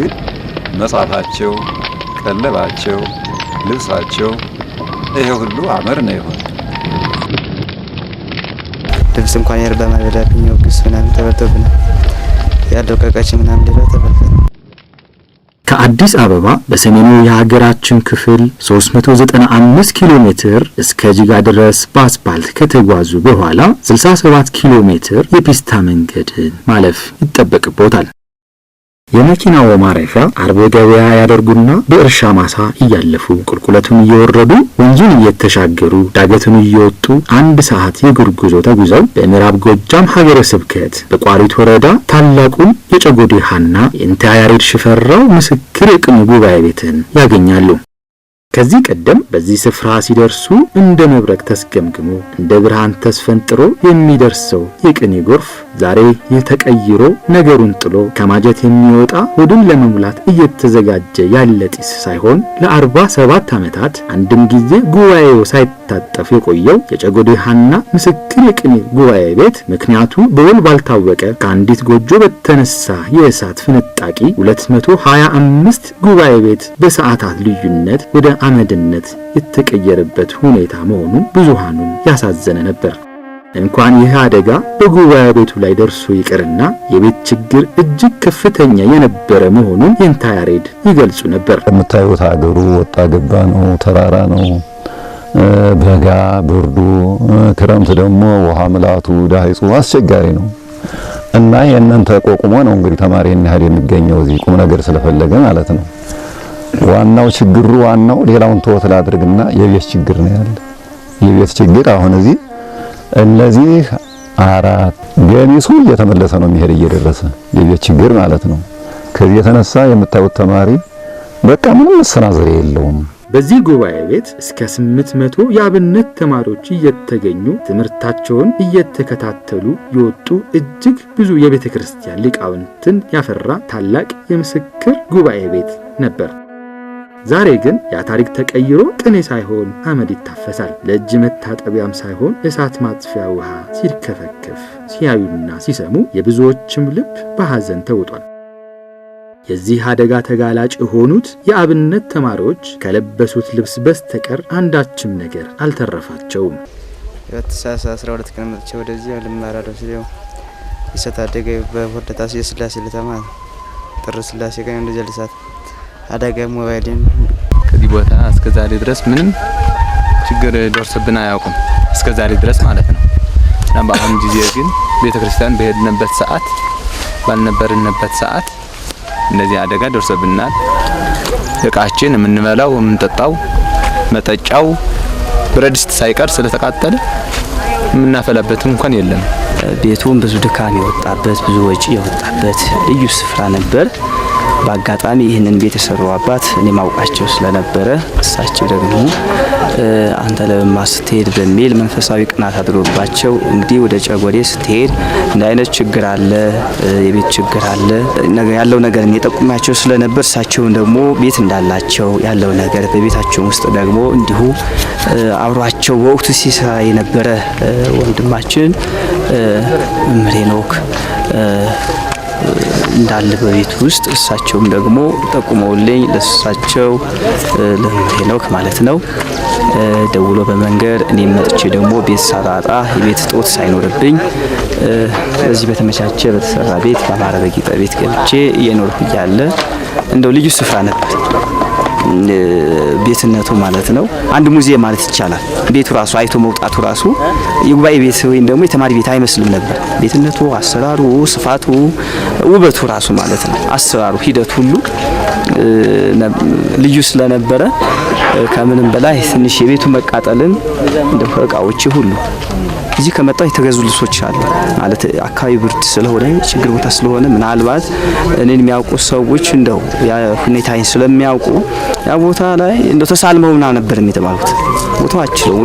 ግን መጻፋቸው፣ ቀለባቸው፣ ልብሳቸው ይሄ ሁሉ አመር ነው የሆነ ልብስ እንኳን የርባ ማበላብኝ ወግስ ምናምን ተበልቶብናል። ያለው ምናምን ሌላ ተበልቷል። ከአዲስ አበባ በሰሜኑ የሀገራችን ክፍል 395 ኪሎ ሜትር እስከ ጅጋ ድረስ በአስፓልት ከተጓዙ በኋላ 67 ኪሎ ሜትር የፒስታ መንገድን ማለፍ ይጠበቅቦታል። የመኪናው ማረፊያ አርቦ ገበያ ያደርጉና በእርሻ ማሳ እያለፉ ቁልቁለቱን እየወረዱ ወንዙን እየተሻገሩ ዳገቱን እየወጡ አንድ ሰዓት የእግር ጉዞ ተጉዘው በምዕራብ ጎጃም ሀገረ ስብከት በቋሪት ወረዳ ታላቁን የጨጎዴ ሀና የእንተ ያሬድ ሽፈራው ምስክር የቅኔ ጉባኤ ቤትን ያገኛሉ። ከዚህ ቀደም በዚህ ስፍራ ሲደርሱ እንደ መብረቅ ተስገምግሞ እንደ ብርሃን ተስፈንጥሮ የሚደርሰው የቅኔ ጎርፍ ዛሬ የተቀይሮ ነገሩን ጥሎ ከማጀት የሚወጣ ሆድን ለመሙላት እየተዘጋጀ ያለ ጢስ ሳይሆን ለአርባ ሰባት ዓመታት አንድም ጊዜ ጉባኤው ሳይታጠፍ የቆየው የጨጎዴሃና ምስክር የቅኔ ጉባኤ ቤት ምክንያቱ በውል ባልታወቀ ከአንዲት ጎጆ በተነሳ የእሳት ፍንጣቂ 225 ጉባኤ ቤት በሰዓታት ልዩነት ወደ አመድነት የተቀየረበት ሁኔታ መሆኑ ብዙሃኑን ያሳዘነ ነበር። እንኳን ይህ አደጋ በጉባኤ ቤቱ ላይ ደርሶ ይቅርና የቤት ችግር እጅግ ከፍተኛ የነበረ መሆኑን የንታ ያሬድ ይገልጹ ነበር። የምታዩት ሀገሩ ወጣ ገባ ነው፣ ተራራ ነው። በጋ ብርዱ፣ ክረምት ደግሞ ውሃ ምላቱ፣ ዳይጹ አስቸጋሪ ነው እና የእናንተ ቆቁሞ ነው እንግዲህ ተማሪ ያህል የሚገኘው እዚህ ቁም ነገር ስለፈለገ ማለት ነው ዋናው ችግሩ ዋናው ሌላውን ተወት ላድርግና የቤት ችግር ነው ያለ። የቤት ችግር አሁን እዚህ እነዚህ አራት ገሚሱ እየተመለሰ ነው የሚሄድ እየደረሰ የቤት ችግር ማለት ነው። ከዚህ የተነሳ የምታዩት ተማሪ በቃ ምንም መሰናዘር የለውም። በዚህ ጉባኤ ቤት እስከ 800 የአብነት ተማሪዎች እየተገኙ ትምህርታቸውን እየተከታተሉ የወጡ እጅግ ብዙ የቤተ ክርስቲያን ሊቃውንትን ያፈራ ታላቅ የምስክር ጉባኤ ቤት ነበር። ዛሬ ግን ያ ታሪክ ተቀይሮ ቅኔ ሳይሆን አመድ ይታፈሳል፣ ለእጅ መታጠቢያም ሳይሆን እሳት ማጥፊያ ውሃ ሲርከፈከፍ ሲያዩና ሲሰሙ የብዙዎችም ልብ በሐዘን ተውጧል። የዚህ አደጋ ተጋላጭ የሆኑት የአብነት ተማሪዎች ከለበሱት ልብስ በስተቀር አንዳችም ነገር አልተረፋቸውም። ሳሳ 12 ቀን መጥቼ ወደዚህ በወርደታ የስላሴ ለተማ ጥር ስላሴ ቀን እንደዚያ ልሳት አደጋ ሞባይልን ከዚህ ቦታ እስከ ዛሬ ድረስ ምንም ችግር ደርሶብን አያውቁም። እስከ ዛሬ ድረስ ማለት ነው። እና በአሁን ጊዜ ግን ቤተክርስቲያን በሄድንበት ሰዓት ባልነበርንበት ሰዓት እንደዚህ አደጋ ደርሶብናል። እቃችን የምንበላው የምንጠጣው መጠጫው ብረድስት ሳይቀር ስለተቃጠለ የምናፈላበት እንኳን የለም። ቤቱን ብዙ ድካም የወጣበት ብዙ ወጪ የወጣበት ልዩ ስፍራ ነበር። በአጋጣሚ ይህንን ቤት የሰሩ አባት እኔ ማውቃቸው ስለነበረ እሳቸው ደግሞ አንተ ለማ ስትሄድ በሚል መንፈሳዊ ቅናት አድሮባቸው እንግዲህ ወደ ጨጎዴ ስትሄድ እንደ አይነት ችግር አለ፣ የቤት ችግር አለ ያለው ነገር የጠቁሚያቸው ስለነበር እሳቸውን ደግሞ ቤት እንዳላቸው ያለው ነገር በቤታቸው ውስጥ ደግሞ እንዲሁ አብሯቸው በወቅቱ ሲሰራ የነበረ ወንድማችን መምህር ሄኖክ እንዳለ በቤት ውስጥ እሳቸውም ደግሞ ጠቁመውልኝ ለእሳቸው ለሄኖክ ማለት ነው ደውሎ በመንገር እኔም መጥቼ ደግሞ ቤት ሳጣጣ የቤት ጦት ሳይኖርብኝ በዚህ በተመቻቸ በተሰራ ቤት በአማረ በጌጠ ቤት ገብቼ የኖርኩ እያለ እንደው ልዩ ስፍራ ነበር። ቤትነቱ ማለት ነው አንድ ሙዚየም ማለት ይቻላል። ቤቱ ራሱ አይቶ መውጣቱ ራሱ የጉባኤ ቤት ወይም ደግሞ የተማሪ ቤት አይመስልም ነበር። ቤትነቱ፣ አሰራሩ፣ ስፋቱ፣ ውበቱ ራሱ ማለት ነው አሰራሩ፣ ሂደት ሁሉ ልዩ ስለነበረ ከምንም በላይ ትንሽ የቤቱ መቃጠልን እቃዎች ሁሉ እዚህ ከመጣው የተገዙ ልብሶች አሉ ማለት አካባቢ ብርድ ስለሆነ ችግር ቦታ ስለሆነ ምናልባት እኔን የሚያውቁ ሰዎች እንደው ያ ሁኔታዬን ስለሚያውቁ ያ ቦታ ላይ እንደ ተሳልመው ምናምን ነበር የተባሉት ቦታው አችለው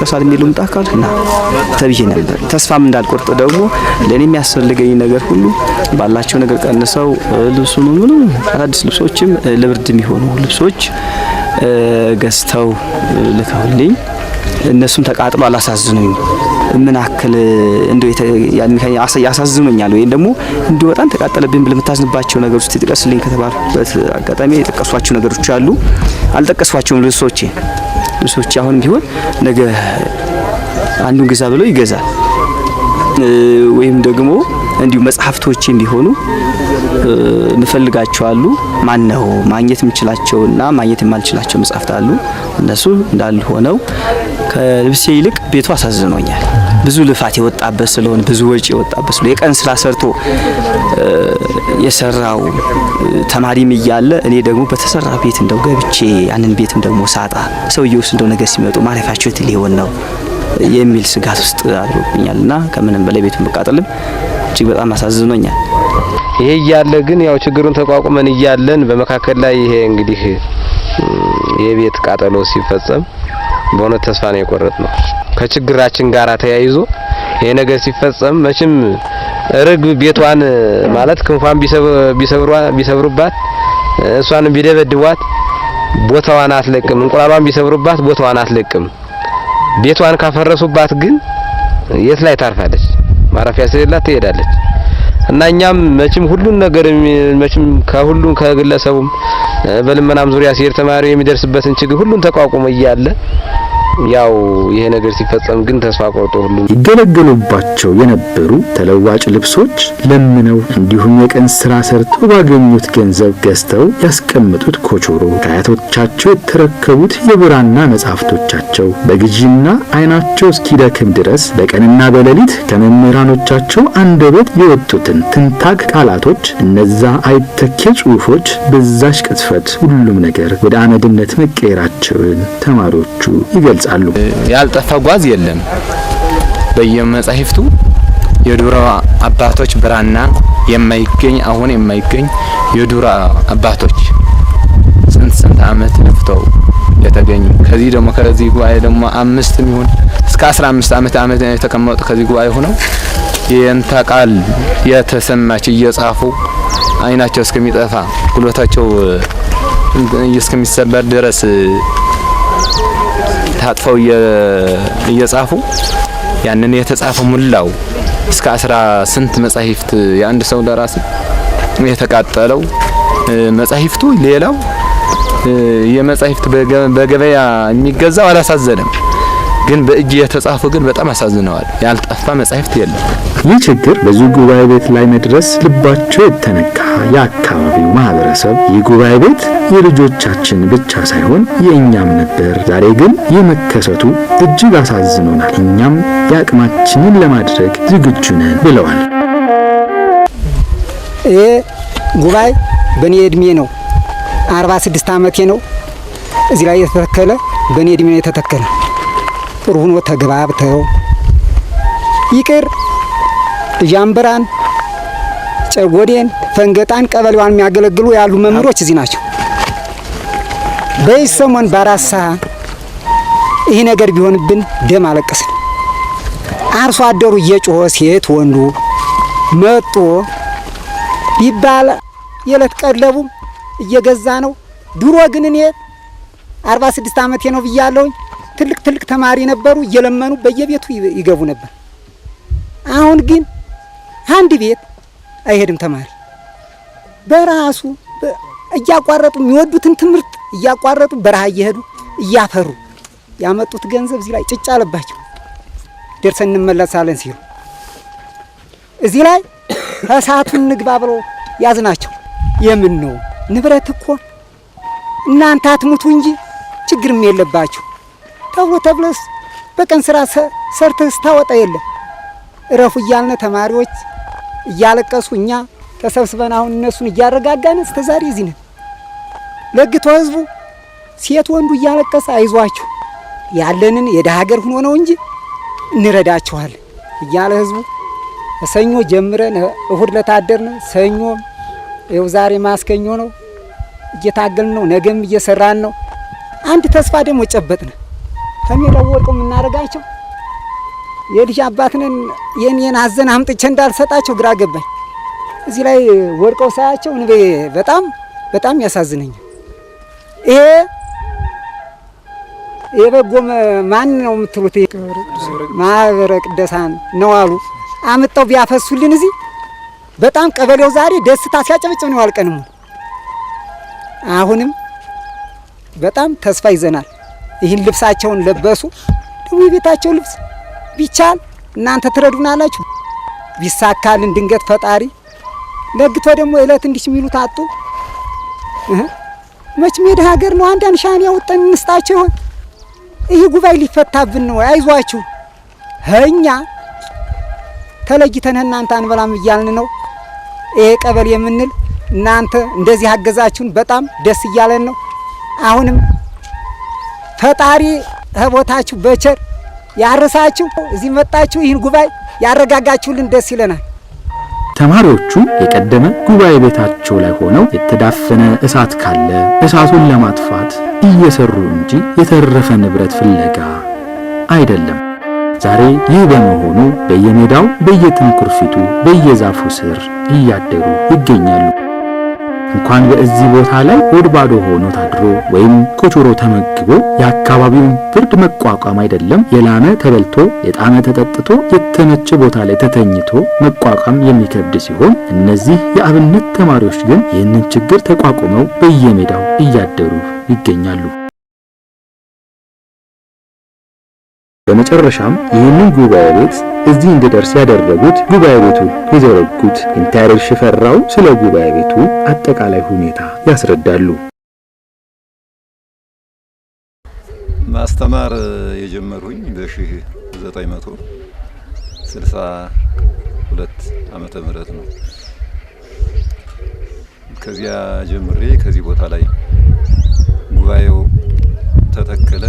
ተሳል የሚሉ ምጣ ካል ና ተብዬ ነበር። ተስፋም እንዳልቆርጥ ደግሞ ለእኔ የሚያስፈልገኝ ነገር ሁሉ ባላቸው ነገር ቀንሰው ልብሱን ሁሉ አዳዲስ ልብሶችም ለብርድ የሚሆኑ ልብሶች ገዝተው ልከውልኝ እነሱም ተቃጥለው አላሳዝኑኝ ምን አክል እንደ ያሳዝኑኛል ወይም ደግሞ እንዲ በጣም ተቃጠለብኝ ብለህ የምታዝንባቸው ነገሮች ጥቀስልኝ ከተባልኩበት አጋጣሚ የጠቀሷቸው ነገሮች አሉ። አልጠቀስኳቸውም። ልብሶቼ ልብሶቼ አሁንም ቢሆን ነገ አንዱን ግዛ ብለው ይገዛል ወይም ደግሞ እንዲሁ መጽሐፍቶቼም ቢሆኑ ምፈልጋቸው አሉ። ማን ነው ማግኘት የምችላቸውና ማግኘት የማልችላቸው መጽሐፍት አሉ። እነሱ እንዳሉ ሆነው ከልብሴ ይልቅ ቤቱ አሳዝኖኛል። ብዙ ልፋት የወጣበት ስለሆነ ብዙ ወጪ የወጣበት ስለሆነ የቀን ስራ ሰርቶ የሰራው ተማሪም እያለ እኔ ደግሞ በተሰራ ቤት እንደው ገብቼ ያንን ቤትም ደግሞ ሳጣ ሰውዬውስ እንደው ነገር ሲመጡ ማረፊያቸው ሊሆን ነው የሚል ስጋት ውስጥ አድሮብኛል እና ከምንም በላይ ቤቱን መቃጠልም እጅግ በጣም አሳዝኖኛል። ይሄ እያለ ግን ያው ችግሩን ተቋቁመን እያለን በመካከል ላይ ይሄ እንግዲህ የቤት ቃጠሎ ሲፈጸም በእውነት ተስፋ ነው የቆረጥ ነው። ከችግራችን ጋር ተያይዞ ይሄ ነገር ሲፈጸም መቼም ርግብ ቤቷን ማለት ክንፏን ቢሰብሩባት እሷን ቢደበድቧት ቦታዋን አትለቅም። እንቁላሏን ቢሰብሩባት ቦታዋን አትለቅም። ቤቷን ካፈረሱባት ግን የት ላይ ታርፋለች? ማረፊያ ስለሌላት ትሄዳለች። እና እኛም መቼም ሁሉን ነገር መቼም ከሁሉም ከግለሰቡም በልመናም ዙሪያ ሲሄድ ተማሪው የሚደርስበትን ችግር ሁሉን ተቋቁሞ እያለ ያው ይሄ ነገር ሲፈጸም ግን ተስፋ ቆርጦ ሁሉ ይገለገሉባቸው የነበሩ ተለዋጭ ልብሶች ለምነው እንዲሁም የቀን ስራ ሰርተው ባገኙት ገንዘብ ገዝተው ያስቀመጡት ኮቾሮ ከአያቶቻቸው የተረከቡት የብራና መጻሕፍቶቻቸው በግዢና አይናቸው እስኪደክም ድረስ በቀንና በሌሊት ከመምህራኖቻቸው አንደበት የወጡትን ትንታግ ቃላቶች እነዛ አይተኬ ጽሑፎች በዛሽ ቅጥፈት ሁሉም ነገር ወደ አመድነት መቀየራቸውን ተማሪዎቹ ይገልጻል። ይገልጻሉ። ያልጠፋ ጓዝ የለም። በየመጻሕፍቱ የዱሮ አባቶች ብራና የማይገኝ አሁን የማይገኝ የዱሮ አባቶች ስንት ስንት አመት ለፍተው የተገኙ ከዚህ ደግሞ ከዚህ ጉባኤ ደግሞ አምስት ይሁን እስከ 15 አመት አመት የተቀመጡ ከዚህ ጉባኤ ሆነው የእንተ ቃል የተሰማች እየጻፉ አይናቸው እስከሚጠፋ ጉልበታቸው እስከሚሰበር ድረስ ታጥፈው እየጻፉ ያንን የተጻፈ ሙላው እስከ አስራ ስንት መጻሕፍት የአንድ ሰው ለራስ የተቃጠለው መጻሕፍቱ ሌላው የመጻሕፍት በገበያ የሚገዛው አላሳዘነም፣ ግን በእጅ የተጻፉ ግን በጣም አሳዝነዋል። ያልጠፋ መጻሕፍት የለም። ይህ ችግር በዚህ ጉባኤ ቤት ላይ መድረስ ልባቸው የተነካ የአካባቢው ማህበረሰብ ይህ ጉባኤ ቤት የልጆቻችን ብቻ ሳይሆን የእኛም ነበር፣ ዛሬ ግን ይህ መከሰቱ እጅግ አሳዝኖናል፣ እኛም የአቅማችንን ለማድረግ ዝግጁ ነን ብለዋል። ይህ ጉባኤ በእኔ እድሜ ነው፣ ስድስት ዓመቴ ነው። እዚህ ላይ የተተከለ በእኔ እድሜ ነው የተተከለ። ጥሩ ሆኖ ተግባብተው ይቅር ዣምብራን፣ ጨጎዴን፣ ፈንገጣን ቀበሌዋን የሚያገለግሉ ያሉ መምህሮች እዚህ ናቸው። በዚህ ሰሞን ባራሳ ይህ ነገር ቢሆንብን ደም አለቀስን። አርሶ አደሩ እየጮኸ ሴት ወንዱ መጦ ቢባል የዕለት ቀለቡ እየገዛ ነው። ድሮ ግን እኔ 46 ዓመቴ ነው ብያለሁኝ። ትልቅ ትልቅ ተማሪ ነበሩ። እየለመኑ በየቤቱ ይገቡ ነበር። አሁን ግን አንድ ቤት አይሄድም ተማሪ በራሱ እያቋረጡ የሚወዱትን ትምህርት እያቋረጡ በረሃ እየሄዱ እያፈሩ ያመጡት ገንዘብ እዚህ ላይ ጭጫ አለባቸው። ደርሰን እንመለሳለን ሲሉ እዚህ ላይ እሳቱን ንግባ ብለው ያዝናቸው። የምን ነው ንብረት እኮ እናንተ አትሙቱ እንጂ ችግርም የለባችሁ ተብሎ ተብለስ በቀን ስራ ሰርተህ ስታወጣ የለም እረፉ እያልነ ተማሪዎች እያለቀሱ እኛ ተሰብስበን አሁን እነሱን እያረጋጋን እስከ ዛሬ እዚህ ነን። ለግቶ ህዝቡ ሴት ወንዱ እያለቀሰ አይዟችሁ ያለንን የደሃ ሀገር ሁኖ ነው እንጂ እንረዳችኋል እያለ ህዝቡ ሰኞ ጀምረን እሁድ ለታደርነ ሰኞ ይኸው ዛሬ ማስከኞ ነው። እየታገልን ነው። ነገም እየሰራን ነው። አንድ ተስፋ ደግሞ ጨበጥነ ከሜዳው ወርቅ የምናደርጋቸው የልጅ አባትንን የኔን አዘን አምጥቼ እንዳልሰጣቸው ግራ ገባኝ። እዚህ ላይ ወድቀው ሳያቸው እኔ በጣም በጣም ያሳዝነኛል። ይሄ የበጎ ማን ነው የምትሉት? ማህበረ ቅደሳን ነው አሉ። አምጠው ቢያፈሱልን እዚህ በጣም ቀበሌው ዛሬ ደስታ ሲያጨበጭብ ነው ያልቀን። አሁንም በጣም ተስፋ ይዘናል። ይህን ልብሳቸውን ለበሱ፣ ደግሞ የቤታቸው ልብስ ቢቻል እናንተ ትረዱናላችሁ። ቢሳካልን ድንገት ፈጣሪ ለግቶ ደግሞ እለት እንዲች የሚሉት አጡ። መች ሜድ ሀገር ነው። አንዳንድ ሻን ያወጣን እንስጣቸው ይሆን? ይህ ጉባኤ ሊፈታብን ነው። አይዟችሁ እኛ ተለይተን እናንተ አንበላም እያልን ነው። ይሄ ቀበል የምንል እናንተ እንደዚህ አገዛችሁን በጣም ደስ እያለን ነው። አሁንም ፈጣሪ ህቦታችሁ በቸር ያረሳችሁ እዚህ መጣችሁ ይህን ጉባኤ ያረጋጋችሁልን ደስ ይለናል። ተማሪዎቹ የቀደመ ጉባኤ ቤታቸው ላይ ሆነው የተዳፈነ እሳት ካለ እሳቱን ለማጥፋት እየሰሩ እንጂ የተረፈ ንብረት ፍለጋ አይደለም። ዛሬ ይህ በመሆኑ በየሜዳው፣ በየትንኩርፊቱ፣ በየዛፉ ስር እያደሩ ይገኛሉ። እንኳን በዚህ ቦታ ላይ ሆድ ባዶ ሆኖ ታድሮ ወይም ኮቾሮ ተመግቦ የአካባቢውን ብርድ መቋቋም አይደለም የላመ ተበልቶ የጣመ ተጠጥቶ የተመቸ ቦታ ላይ ተተኝቶ መቋቋም የሚከብድ ሲሆን እነዚህ የአብነት ተማሪዎች ግን ይህንን ችግር ተቋቁመው በየሜዳው እያደሩ ይገኛሉ። በመጨረሻም ይህንን ጉባኤ ቤት እዚህ እንድደርስ ያደረጉት ጉባኤ ቤቱ የዘረጉት ኢንታይር ሽፈራው ስለ ጉባኤ ቤቱ አጠቃላይ ሁኔታ ያስረዳሉ። ማስተማር የጀመርሁኝ በ1962 ዓመተ ምህረት ነው። ከዚያ ጀምሬ ከዚህ ቦታ ላይ ጉባኤው ተተከለ።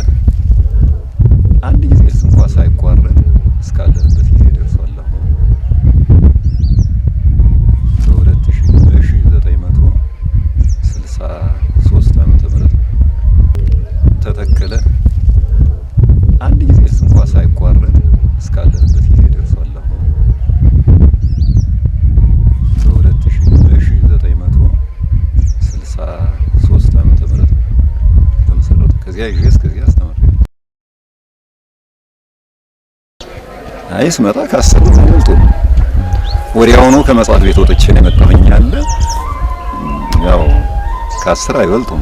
አይ ስመጣ ካሰቡት አልቶ ወዲያውኑ ከመጽሐፍ ቤት ወጥቼ ነው የመጣሁኝ ያለ ያው ከአስር አይበልጡም።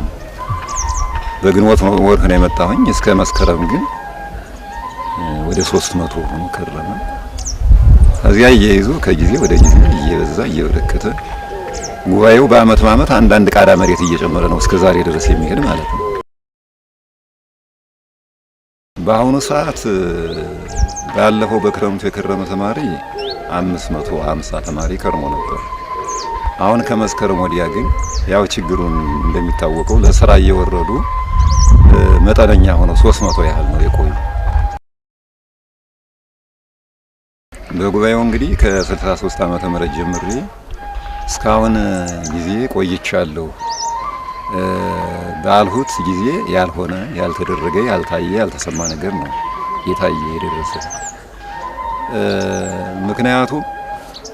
በግንቦት ወር ነው የመጣሁኝ። እስከ መስከረም ግን ወደ 300 ሆኖ ከረመ። ከዚያ እየይዞ ከጊዜ ወደ ጊዜ እየበዛ እየበረከተ ጉባኤው በአመት በአመት አንዳንድ ቃዳ መሬት እየጨመረ ነው እስከ ዛሬ ድረስ የሚሄድ ማለት ነው። በአሁኑ ሰዓት ባለፈው በክረምቱ የከረመ ተማሪ 550 ተማሪ ከርሞ ነበር። አሁን ከመስከረም ወዲያ ግን ያው ችግሩን እንደሚታወቀው ለስራ እየወረዱ መጠነኛ ሆነው 300 ያህል ነው የቆዩ። በጉባኤው እንግዲህ ከ63 ዓመተ ምህረት ጀምሬ እስካሁን ጊዜ ቆይቻለሁ። ባልሁት ጊዜ ያልሆነ ያልተደረገ ያልታየ ያልተሰማ ነገር ነው የታየ የደረሰ። ምክንያቱም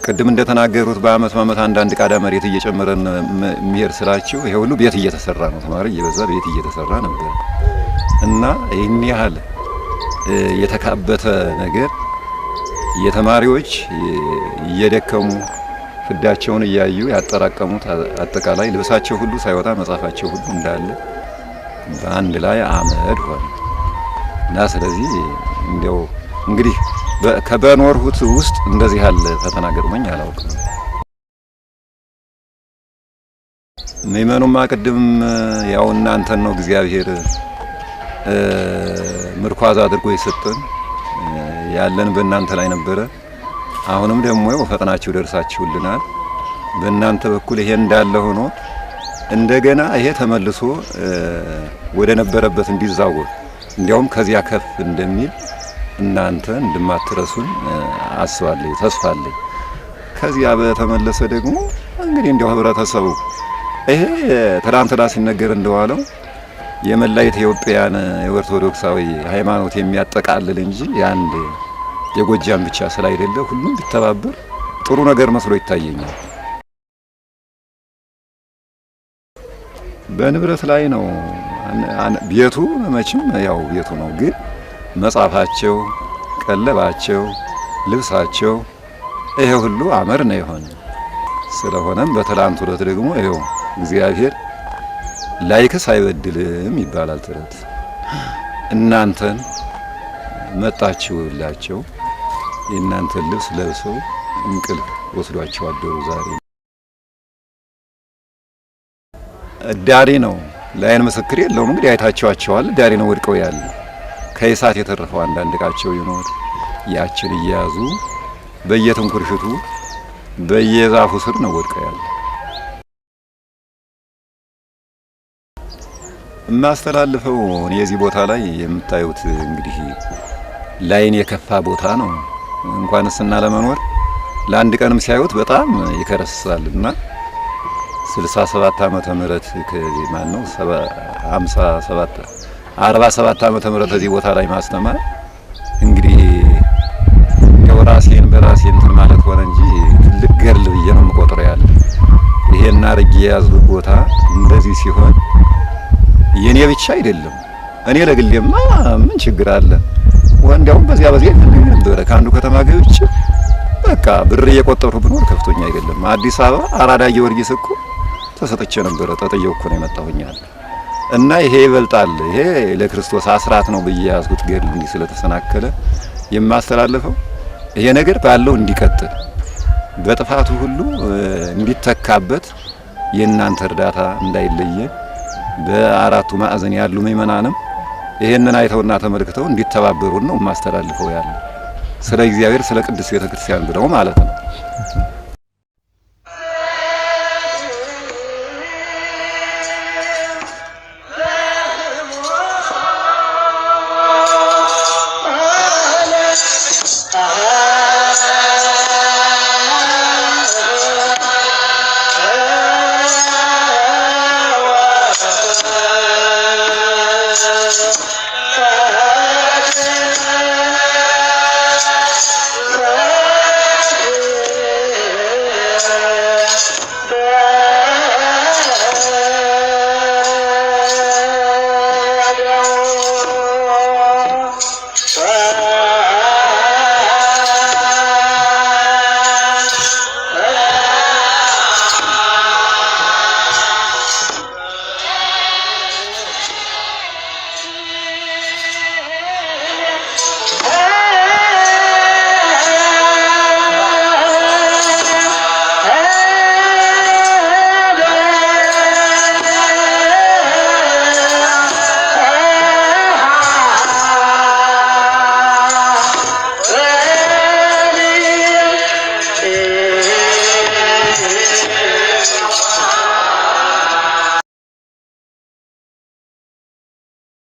ቅድም እንደተናገሩት በአመት በአመት አንዳንድ ቃዳ መሬት እየጨመረን የሚሄድ ስላችሁ ይሄ ሁሉ ቤት እየተሰራ ነው፣ ተማሪ እየበዛ ቤት እየተሰራ ነበር እና ይህን ያህል የተካበተ ነገር የተማሪዎች እየደከሙ ፍዳቸውን እያዩ ያጠራቀሙት አጠቃላይ ልብሳቸው ሁሉ ሳይወጣ መጽሐፋቸው ሁሉ እንዳለ በአንድ ላይ አመድ ሆነ እና ስለዚህ እንዲያው እንግዲህ ከበኖርሁት ውስጥ እንደዚህ ያለ ፈተና ገጥሞኝ አላውቅም። ምእመኑማ ቅድም ያው እናንተን ነው እግዚአብሔር ምርኳዝ አድርጎ የሰጠን ያለን በእናንተ ላይ ነበረ። አሁንም ደግሞ ፈጥናችሁ ደርሳችሁልናል። በእናንተ በኩል ይሄ እንዳለ ሆኖ እንደገና ይሄ ተመልሶ ወደ ነበረበት እንዲዛወር እንዲያውም ከዚያ ከፍ እንደሚል እናንተ እንደማትረሱን አስባለሁ፣ ተስፋለሁ። ከዚያ በተመለሰ ደግሞ እንግዲህ እንዲያው ህብረተሰቡ ይሄ ትላንትና ሲነገር እንደዋለው የመላ ኢትዮጵያን የኦርቶዶክሳዊ ሃይማኖት የሚያጠቃልል እንጂ የአንድ የጎጃም ብቻ ስላይደለ ሁሉም ቢተባበር ጥሩ ነገር መስሎ ይታየኛል። በንብረት ላይ ነው ቤቱ መቼም ያው ቤቱ ነው። ግን መጽሐፋቸው፣ ቀለባቸው፣ ልብሳቸው ይሄ ሁሉ አመር ነው የሆነ ስለሆነም በትላንት ሁለት ደግሞ ይኸው እግዚአብሔር ላይክስ አይበድልም ይባላል ትረት እናንተን መጣችሁላቸው የእናንተን ልብስ ለብሰው እንቅልፍ ወስዷቸው አደሩ። ዛሬ ዳሬ ነው፣ ለአይን ምስክር የለውም። እንግዲህ አይታቸዋቸዋል። ዳሬ ነው ወድቀው ያለ ከእሳት የተረፈው አንዳንድ እቃቸው ይኖር ያችን እየያዙ በየትንኩርሽቱ በየዛፉ ስር ነው ወድቀው ያለ። የማስተላልፈው የዚህ ቦታ ላይ የምታዩት እንግዲህ ላይን የከፋ ቦታ ነው። እንኳንስና ለመኖር ለአንድ ቀንም ሲያዩት በጣም ይከረስሳል እና 67 ዓመተ ምህረት ማን ነው 57 47 ዓመተ ምህረት እዚህ ቦታ ላይ ማስተማር እንግዲህ ራሴን በራሴ እንትን ማለት ሆነ እንጂ ትልቅ ገርል ብዬ ነው የምቆጥረው። ያለ ይሄን አድርጌ የያዝኩት ቦታ እንደዚህ ሲሆን የኔ ብቻ አይደለም። እኔ ለግሌማ ምን ችግር አለ? ወንዲያውም በዚያ በዚያ ይፈልግ ነበረ ከአንዱ ከተማ ገብቼ በቃ ብር እየቆጠሩ ብኖር ከፍቶኛ አይደለም። አዲስ አበባ አራዳ ጊዮርጊስ እኮ ተሰጥቼ ነበረ ተጠየው እኮ ነው የመጣሁኛል። እና ይሄ ይበልጣል፣ ይሄ ለክርስቶስ አስራት ነው ብዬ ያዝኩት ገድል እንዲህ ስለተሰናከለ የማስተላለፈው ይሄ ነገር ባለው እንዲቀጥል በጥፋቱ ሁሉ እንዲተካበት የእናንተ እርዳታ እንዳይለየ በአራቱ ማዕዘን ያሉ ምእመናንም ይህንን አይተውና ተመልክተው እንዲተባበሩን ነው የማስተላልፈው ያለ ስለ እግዚአብሔር ስለ ቅዱስ ቤተክርስቲያን ብለው ማለት ነው።